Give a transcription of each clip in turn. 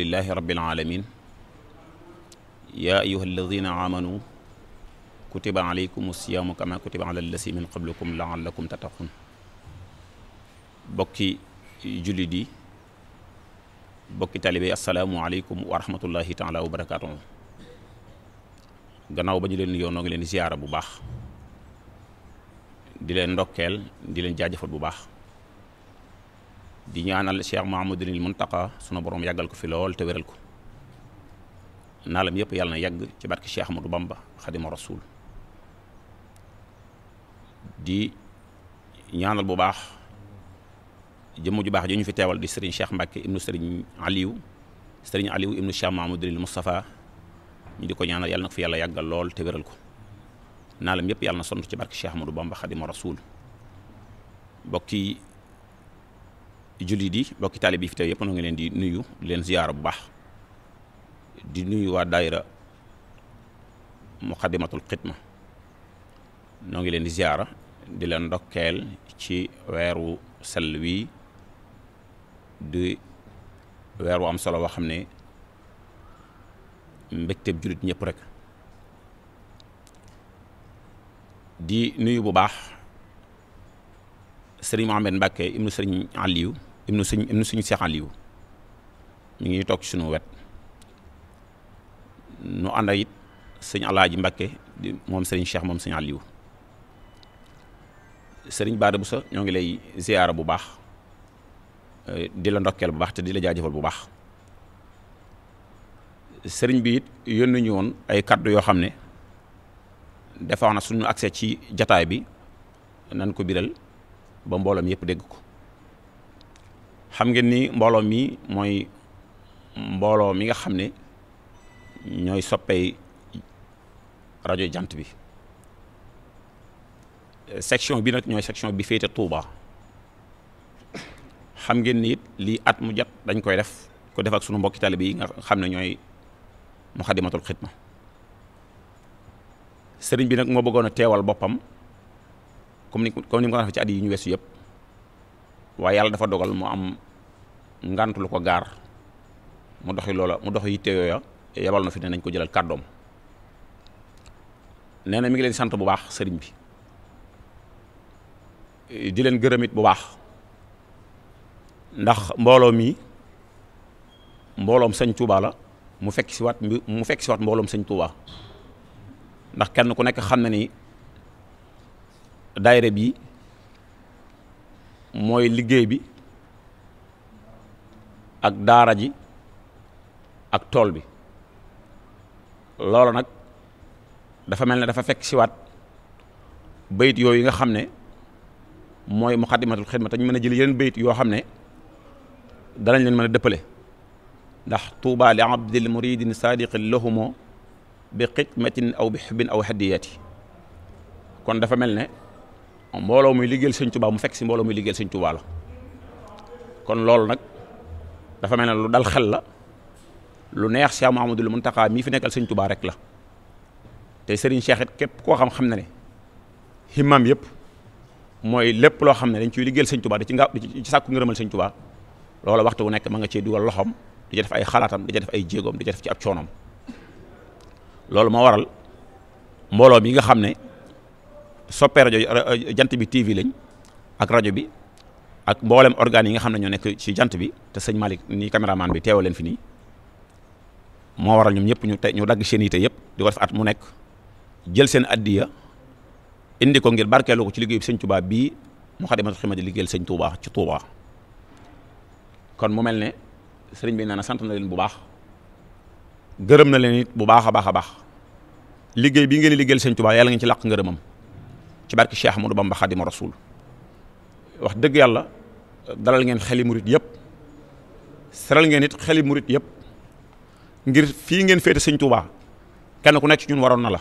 alhamdulillahi rabbil alamin yaa ayuha alladina amanu kutiba alaykum siyaamu kama kutiba ala allasi min qablikum laallakum tattaqun bokki jullit yi bokki talibe assalaamu aleykum wa rahmatullahi wa barakaatuhu gannaaw ba leen yow noo ziyaara bu baax di leen ndokkeel di leen jaajëfal bu baax di ñaanal Cheikh Mahamadoul Muntaqa sunu borom yàggal ko fi lool te wéral ko naalam yëpp yàlla na yàgg ci barke Cheikh Ahmadou Bamba xadima rasul di ñaanal bu baax jëmm ju baax ji fi teewal di sëriñ Cheikh Mbacke ibnu sëriñ Aliou sëriñ Aliou ibnu Cheikh Mahamadoul di ko ñaanal yàlla na ko fi yàlla yàggal lool te wéral ko naalam yëpp yàlla na sont ci barke Cheikh Ahmadou Bamba xadima rasul mbokk jullit yi bokki taalib yi fi teew yëpp noo ngi leen di nuyu leen ziyaara bu baax di nuyu waa daayira muqaddimatul xidma noo ngi leen di ziyaara di leen ndokkeel ci weeru sell wi di weer wu am solo woo xam ne mbégteeb jullit ñëpp rek di nuyu bu baax sëriñ Mohamed Mbacke ibnu sëriñ Aliou ibnu suñ ibnu suñ Seex Aliyu ngi toog ci suñu wet nu ànd it sëñ Alaaji Mbàkke moom sëriñ Cheikh moom sëñ Aliyu sëriñ Baara Boussa ñoo ngi lay ziyaara bu baax eh, di la ndokkeel bu baax te di la jaajëfal bu baax sëriñ bi it yónni ñu woon ay kàddu yoo xam ne dafa wax na suñu accès ci jataay bi nan ko biral ba mbooloom yëpp dégg ko xam ngeen nii mbooloo mii mooy mbooloo mi nga xam ne ñooy soppey rajo jant bi section bi nag ñooy section bi féete Touba xam ngeen ni it lii at mu jot dañ koy def ko def ak sunu mbokki taalibe yi nga xam ne ñooy Muxaddamatul Xidma sëriñ bi nag moo bëggoon a teewal boppam comme ni comme ni mu ko defee ci at yi ñu weesu yëpp waaye yàlla dafa dogal mu am ngant lu ko gaar mu doxi loola mu doxi yitte yooya yabal na fi ne nañ ko jëlal kàddoom nee na mi ngi leen sant bu baax sëriñ bi di leen gërëmit bu baax ndax mbooloo mii mbooloom sëñ Touba la mu fekk si waat mu fekk si waat mbooloom sëñ Touba ndax kenn ku nekk xam na ni daayira bi mooy liggéey bi ak daara ji ak tool bi loolu nag dafa mel ne dafa fekk siwaat bayit yooyu nga xam ne mooy muqaddimatul xidma te ñu mën a jël yeneen bayit yoo xam ne danañ leen mën a dëppale ndax tuuba li abdil muridin saadiqin lahumo bi xidmatin aw bi xubbin aw hadiyati kon dafa mel ne mbooloo muy liggéeyal sëñ Tuubaa mu fekk si mbooloo muy liggéeyal sëñ Tuubaa la kon loolu nag dafa mel na lu dal xel la lu neex Cheikh mun taxaa mii fi nekkal sëñ Touba rek la te sëriñ Cheikh képp koo xam xam na ne himmam yëpp mooy lépp loo xam ne dañ ciy liggéeyal sëñ tubaa di ci nga di ci sàkku ngërëmal sëñ Touba loolu waxtu wu nekk ma nga cee dugal loxoom di ca def ay xalaatam di ca def ay jéegoom di ca def ci ab coonoom loolu moo waral mbooloo mi nga xam ne soppee rajo jant bi TV lañ ak rajo bi. ak mboolem organes yi nga xam ne ñoo nekk ci jant bi te sëñ malik nii caméraman bi teewal leen fi nii moo waral ñoom ñëpp ñu te ñu dagg seen yite yëpp di ko def at mu nekk jël seen addiya indi ko ngir barkeeloo ko ci liggéeyu sëñ Touba bii Moukhaddamatoul Khidma di liggéeyal sëñ Touba ci Touba kon mu mel ne sëriñ bi nee na sant na leen bu baax gërëm na leen it bu baax a baax a baax liggéey bi ngeen di liggéeyal sëñ Touba yàlla ngeen ci làq ngërëmam ci barke Cheikh Amadou Bamba Khadimou Rasoul wax dëgg yàlla dalal ngeen xeli murit yëpp seral ngeen it xeli murit yépp ngir fii ngeen féete sëñ Tuubaa kenn ku nekk ci ñun waroon na la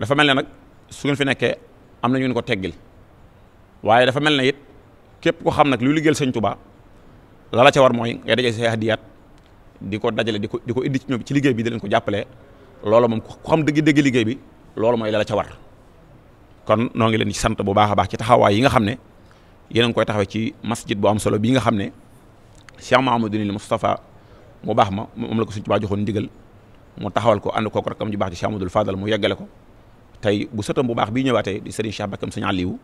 dafa mel ne nag su ngeen fi nekkee am na ñu ko teggil waaye dafa mel ne it képp ko xam nag luy liggéeyal sëñ Tuubaa la la ca war mooy ngay dajale say hadiyaat di ko dajale di ko di ko indi ci ñoom ci liggéey bi di ko jàppale loolu moom ku xam dëgg dëgg liggéey bi loolu mooy la ca war kon noo ngi leen di sant bu baax a baax ci taxawaay yi nga xam ne. yéen a koy taxawee ci masjid bu am solo bii nga xam ne Cheikh Mahamadou Moustapha mu baax ma moom la ko suñu Tuubaa joxoon ndigal mu taxawal ko ànd kook rakam ju baax ci Cheikh Amadou Fadal mu yeggale ko tey bu sëtam bu baax bii ñëwaatee di Bakam Serigne Aliou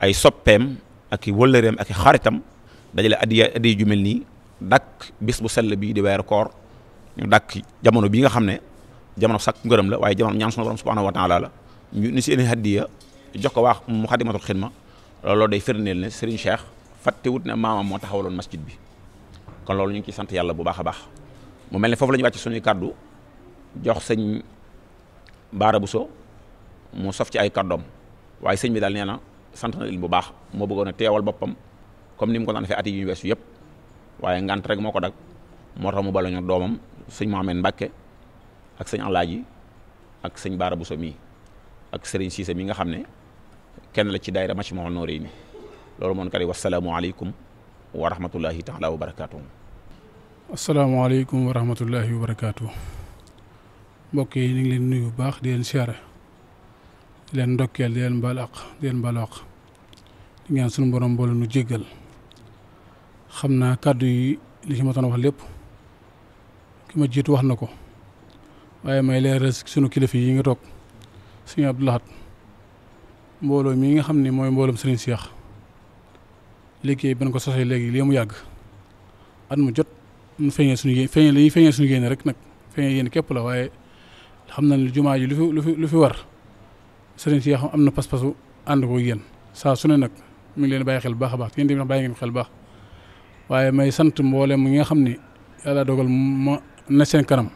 ay soppeem ak i wëllëreem ak i xaritam dajale addiya addiya ju mel nii dakk bis bu sell bii di weeru koor ñu dakk jamono bii nga xam ne jamono sàkk ngërëm la waaye jamono ñaan sunu borom wa taala la ñu ni seen addiya jox xidma looloo day firndeel ne Serigne Cheikh fàttewut ne maamam moo taxawaloon masjid bi kon loolu ñu ngi ciy sant yàlla bu baax a baax mu mel ni foofu la ñu wàcc suñuy kàddu jox sëñ Baara Bousso mu sof ci ay kàddoom waaye sëñ bi daal nee na sant na leen bu baax moo bëggoon a teewal boppam comme ni mu ko daan defee at yi ñu weesu yëpp waaye ngant rek moo ko dag moo tax mu bala doomam sëñ Mohamed Mbacke ak sëñ Alaaji ak sëñ Baara Bousso mii ak sëriñ Cissé mi nga xam ne. kenn la ci daayira Majmahun Nurayni loolu moon kadi wasalaamualeykum wa rahmatullahi taala wa barakaatuhu asalaamaaleykum wa rahmatullahi wa barakaatuhu mbokk yi ñu ngi leen nuyu bu baax di leen siyaare di leen ndokkeel di leen baal aq di leen baal di ñaan sunu borom mboolu nu jéggal xam naa kàddu yi li ci ma doon wax lépp ki ma jiitu wax na ko waaye may leeral sunu kilifa yi nga toog suñu Abdou Lahad mbooloo mii nga xam ni mooy mbooloom Serigne Cheikh liggéey ban ko sosee léegi lii mu yàgg at mu jot mu feeñee suñu yéen feeñee li feeñee suñu yéen rek nag feeñee yéen képp la waaye xam na ne jumaa ji lu fi lu fi lu fi war Serigne Cheikh am na pas-pasu ànd ko yéen saa su ne nag mi ngi leen bàyyi xel baax a baax yéen tamit bàyyi ngeen xel baax waaye may sant mboolem mi nga xam ni yàlla dogal ma na seen kanam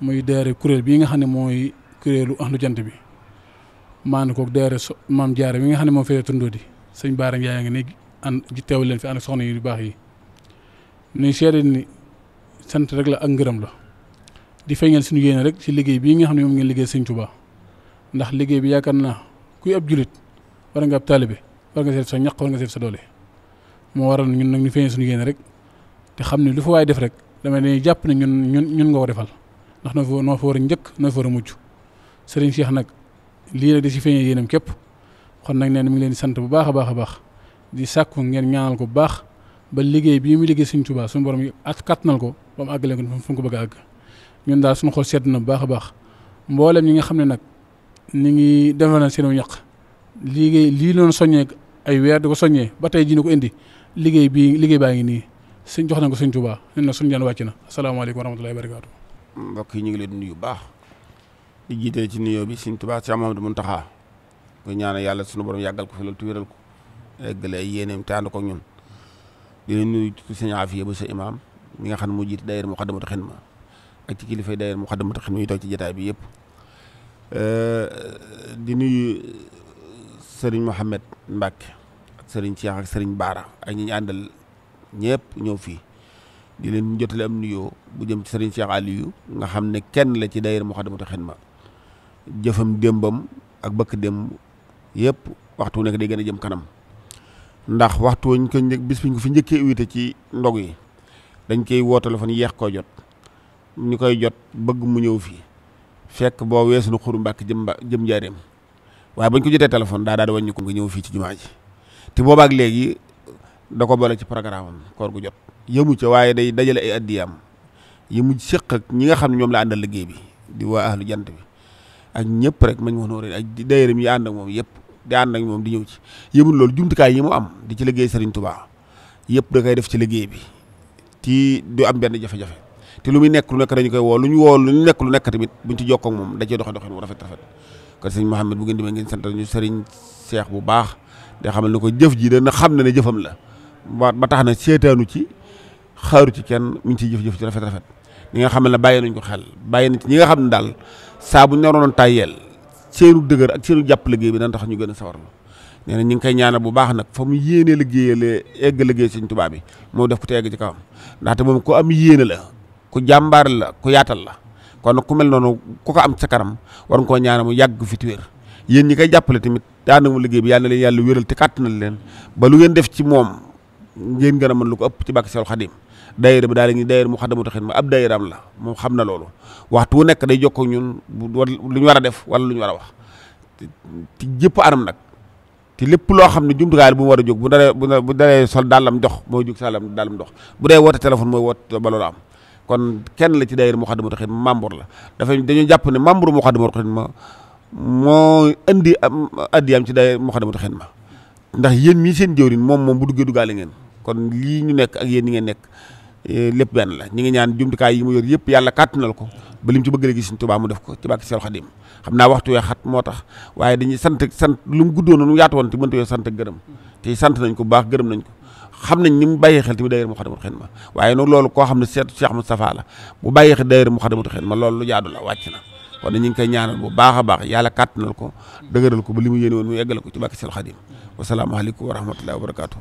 muy deere kuréel bii nga xam ne mooy kuréelu ahlu jant bi. maanaam kooku daayira maam jaare mi nga xam ne moom fee tundoo di sëñ Baara Ndiaye ngi nii an ji teew leen fi ànd ak soxna yu baax yi nuy seede ni sant rek la ak ngërëm la di feeñal suñu yéene rek ci liggéey bii nga xam ne moom ngeen liggéey sëñ Touba ndax liggéey bi yaakaar naa kuy ab julit war nga ab taalibe war sa ñaq war nga sa doole moo waral ñun nag ñu feeñal suñu yéene rek te xam ne lu fa waay def rek damay dañuy jàpp ne ñun ñun ñun nga defal ndax noo fa noo fa war njëkk noo fa war a mujj sëriñ Cheikh nag lii rek di si feeñee yéenam képp kon nag nee na mi ngi leen di sant bu baax a baax a baax di sàkku ngeen ñaanal ko bu baax ba liggéey bii mu liggéey suñ Tuubaa suñu borom yi at kàttanal ko ba mu àggale ko fu ko bëgg àgg ñun daal suñu xol sedd na bu baax a baax mboolem ñi nga xam ne nag ñu ngi defal na seen ñaq liggéey lii loon soññee ay weer di ko soññee ba tey jii ko indi liggéey bii liggéey baa ngi nii suñ jox nañ ko suñ Tuubaa nee na suñu jaan wàcc na asalaamaaleykum wa rahmatullahi wa barakaatu mbokk yi ñu ngi leen nuyu baax di jiite ci nuyoo bi sëñ Tuubaa Cheikh Mahamadou taxa ko ñaanal yàlla sunu borom yàggal ko fi loolu tuwéral ko eggale ay yéeneem te ànd ko ñun dina nuyu sëñ Afiya ba sa imaam mi nga xam ne moo jiite daayira Muxaddamatu Xidma ak ci kilifay daayira Muxaddamatu Xidma yi toog ci jotaay bi yëpp di nuyu sëriñ Mohamed Mbacke ak sëriñ Cheikh ak ñi ñu ñëpp ñëw fii di leen jotale am nuyoo bu jëm ci sëriñ Cheikh nga xam ne kenn la ci daayira Muxaddamatu Xidma jëfam démbam ak bëkk démb yëpp waxtu nekk day gën a jëm kanam ndax waxtu wañ ko bis bi ñu ko fi njëkkee uwite ci ndog yi dañ koy woo téléphone yeex koo jot ñu koy jot bëgg mu ñëw fii fekk boo weesu na xuru mbàkk jëm jëm njaareem waaye bañ ko jotee téléphone daa daa da wàññi ko nga ñëw fii ci jumaa ji te boobaak léegi da ko boole ci programme am koor gu jot yëmu ca waaye day dajale ay addiyaam yi mu séq ak ñi nga xam ne ñoom la àndal liggéey bi di waa ahlu jant bi ak ñëpp rek mañ wax noonu rek ak daayira yi ànd ak moom yëpp di ànd ak moom di ñëw ci yëmul loolu jumtukaay yi mu am di ci liggéey Serigne Touba yëpp da koy def ci liggéey bi ci du am benn jafe-jafe te lu muy nekk lu nekk dañu koy woo lu ñu woo lu ñu nekk lu nekk tamit buñ ci jokkoo ak moom da cee doxe doxin mu rafet rafet kon sëñ Mouhamed bu ngeen demee ngeen sant ñu Serigne seex bu baax da xamal ne ko jëf jii ji na xam ne ne jëfam la ba tax na seetaanu ci xaaru ci kenn mu ngi ciy jëf-jëf ci rafet rafet ñi nga xam ne bàyyi nañ ko xel bàyyi nañ ci ñi nga xam ne daal saa bu ñu naroon tàyyeel seenu dëgër ak seenu jàpp liggéey bi dana tax ñu gën a sawarlu nee na ñu ngi koy ñaanal bu baax nag fa mu yéene liggéeyale egg liggéey si Tuubaa bi moo def ko te egg ci kawam ndaxte moom ku am yéene la ku jàmbaar la ku yaatal la kon nag ku mel noonu ku ko am sa kanam war nga koo ñaanal mu yàgg fi weer yéen ñi koy jàppale tamit daanaka mu liggéey bi yàlla na leen yàlla wéral te kàttanal leen ba lu ngeen def ci moom ngeen gën a mën lu ko ëpp ci bàkk Seexul Xadim daayira bi daal di daayira mu xaddamatu xidma ab daayiraam la moom xam na loolu waxtu wu nekk day jokkoo ñun lu ñu war a def wala lu ñu war a wax jëpp anam nag te lépp loo xam ne jumtukaay bu mu war a jóg bu daree bu daree sol dàllam dox mooy jóg salam dàllam dox bu dee woote téléphone mooy woote ba loolu am kon kenn la ci daayira mu xaddamatu xidma la dafa dañoo jàpp ne membre mu xaddamatu xidma moo indi am addiyaam ci daayira mu xaddamatu xidma ndax yéen mii seen jëwriñ moom moom bu duggee duggaale ngeen kon lii ñu nekk ak yéen ñi ngeen nekk eh, lépp benn la ñi ngi ñaan jumtukaay yi mu yor yëpp yàlla kàttanal ko ba lim ci bëgg léegi Sëriñ Tuubaa mu def ko ci bàkki Seex Xaadim xam naa waxtu wee xat moo tax waaye dañuy sant sant lu mu guddoo noonu yaatu woon te mënta yoo sant ak gërëm te sant nañ ko bu baax gërëm nañ ko xam nañ ni mu bàyyee xel tamit daayira Muxaddamatul Xidma waaye koo xam ne seetu Cheikh Moustapha la bu bàyyee xel lu jaadu la wàcc na koy ñaanal bu baax a baax yàlla kàttanal ko dëgëral ko ba li mu yéene woon mu yeggale ko ci bàkki Seex Xaadim wasalaamaaleykum wa rahmatullahi wa barakatuh